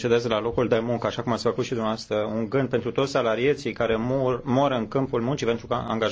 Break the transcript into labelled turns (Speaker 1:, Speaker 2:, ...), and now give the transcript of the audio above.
Speaker 1: cedeze la locul de muncă, așa cum ați făcut și dumneavoastră, un gând pentru toți salarieții care mor, mor în câmpul muncii pentru că angajați